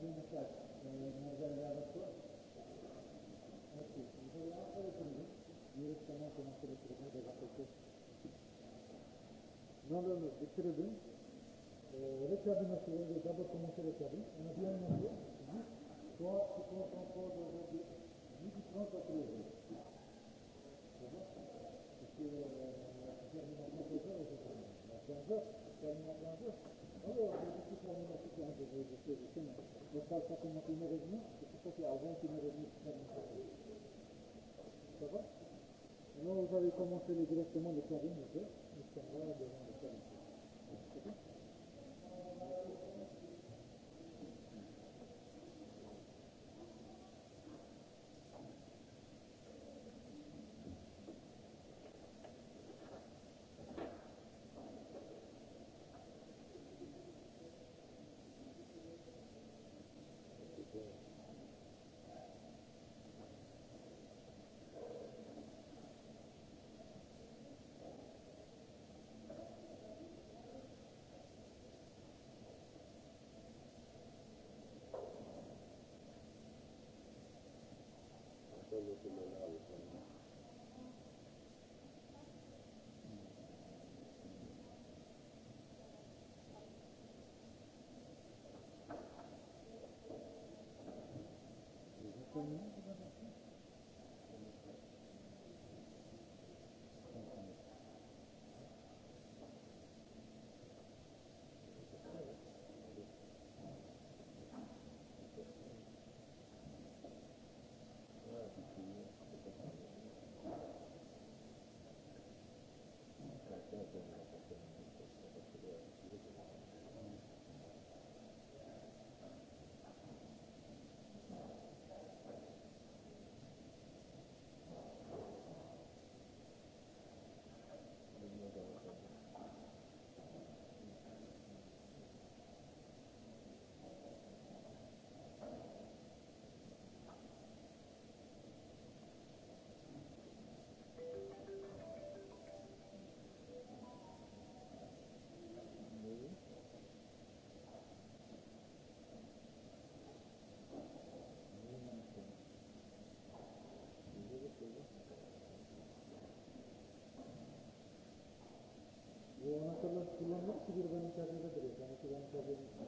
No, no, no, Victor Rubin. Recep Nasıl Önce Baba Komutu Recep Ona bir anlatıyor. Sonra sonra sonra sonra sonra bir bir sonra oturuyor. İşte terminatına koyuyor. Terminatına koyuyor. Ama o bir terminatı kendi koyuyor. Mais ça, ça commence une heure et demie, c'est pour ça qu'il y a 21 heures et demie. Ça va Alors, vous avez commencé directement le carré, monsieur, le carré devant Nacional kullanmak kiberbanın içerisinde duruyor. Yani kiberbanın içerisinde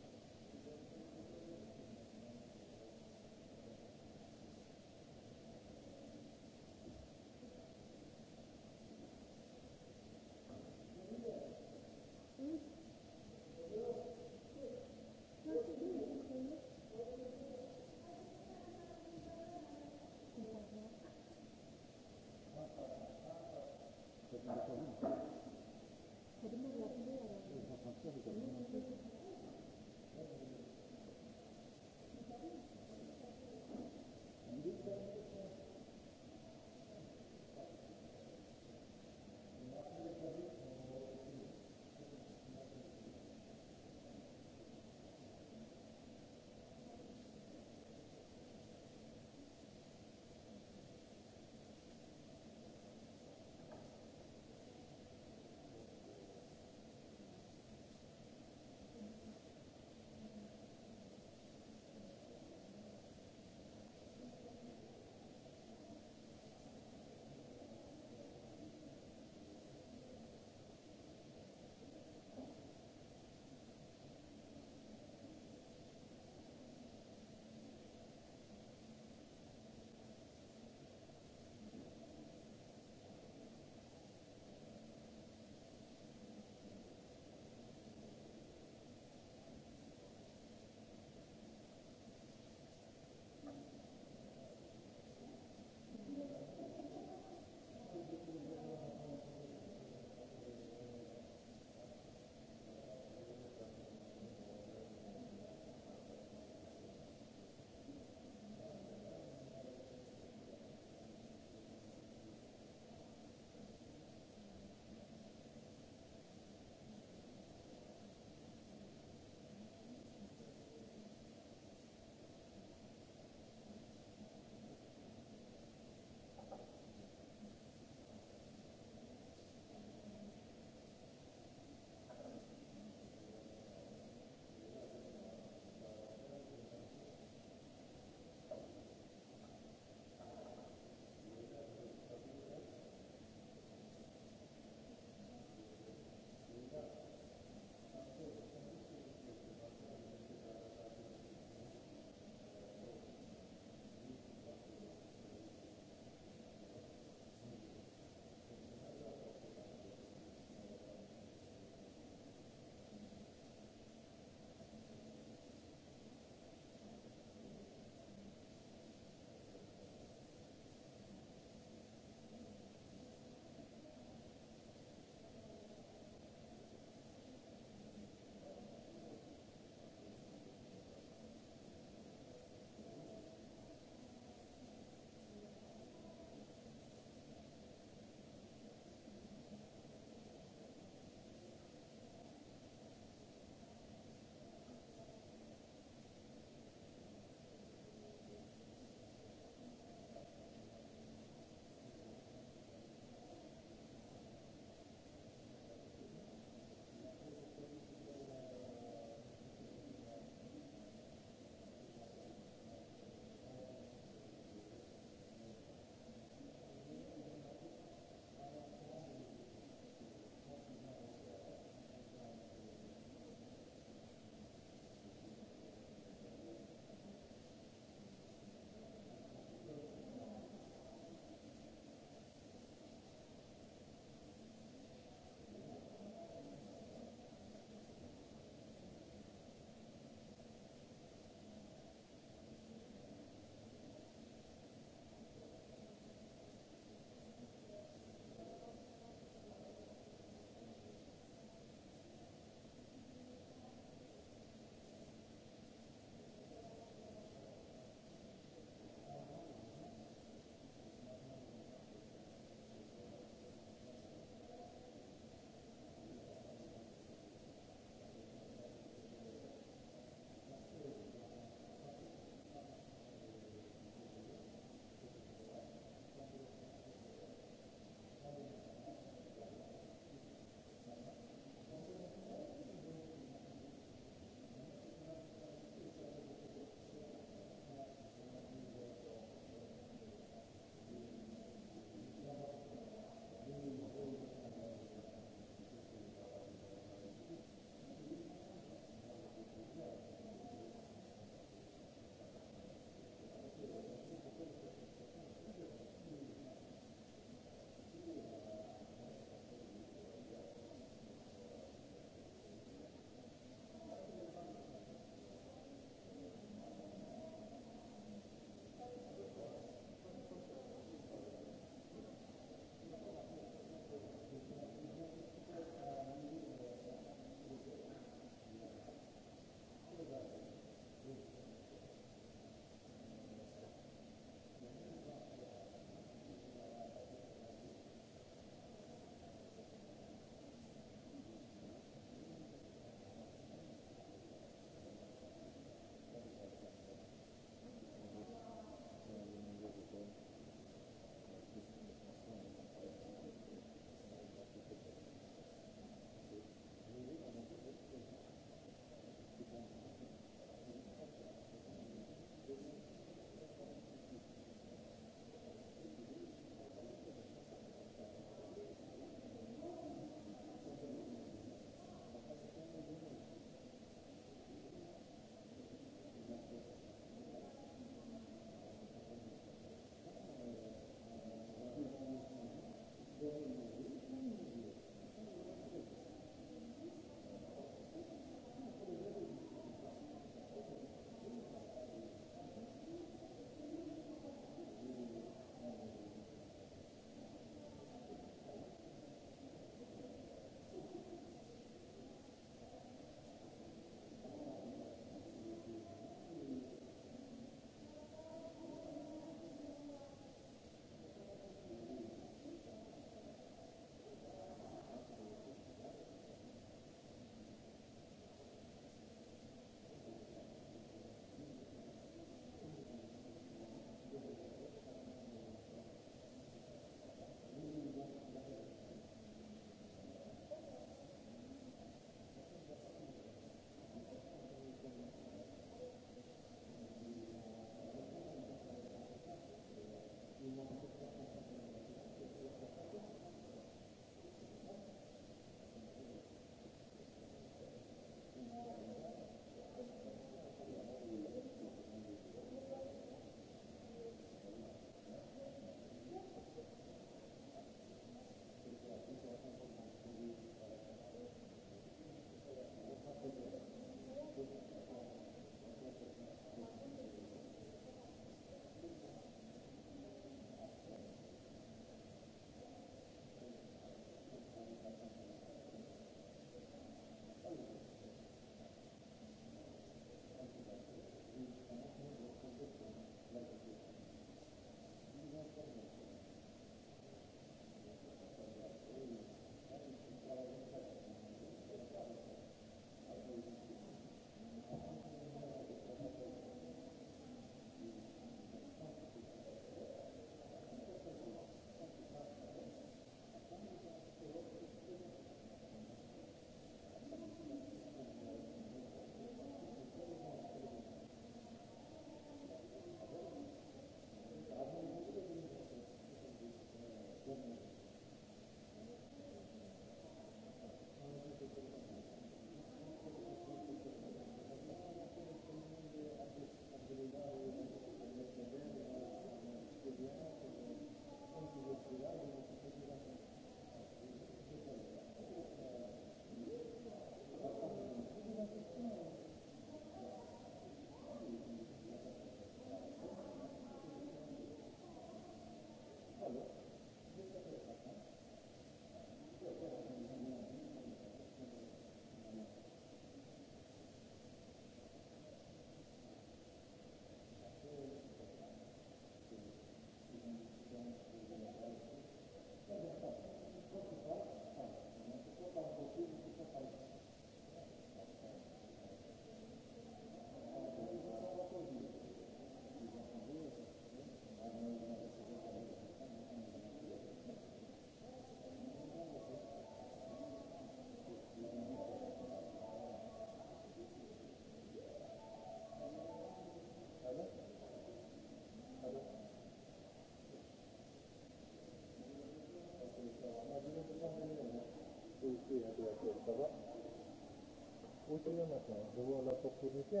Ultravioleta l'opportunité.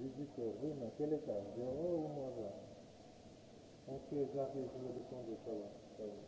Je dis que oui, mais quel étage Zéro ou moins un On fait les arrêts, je me dépends de savoir.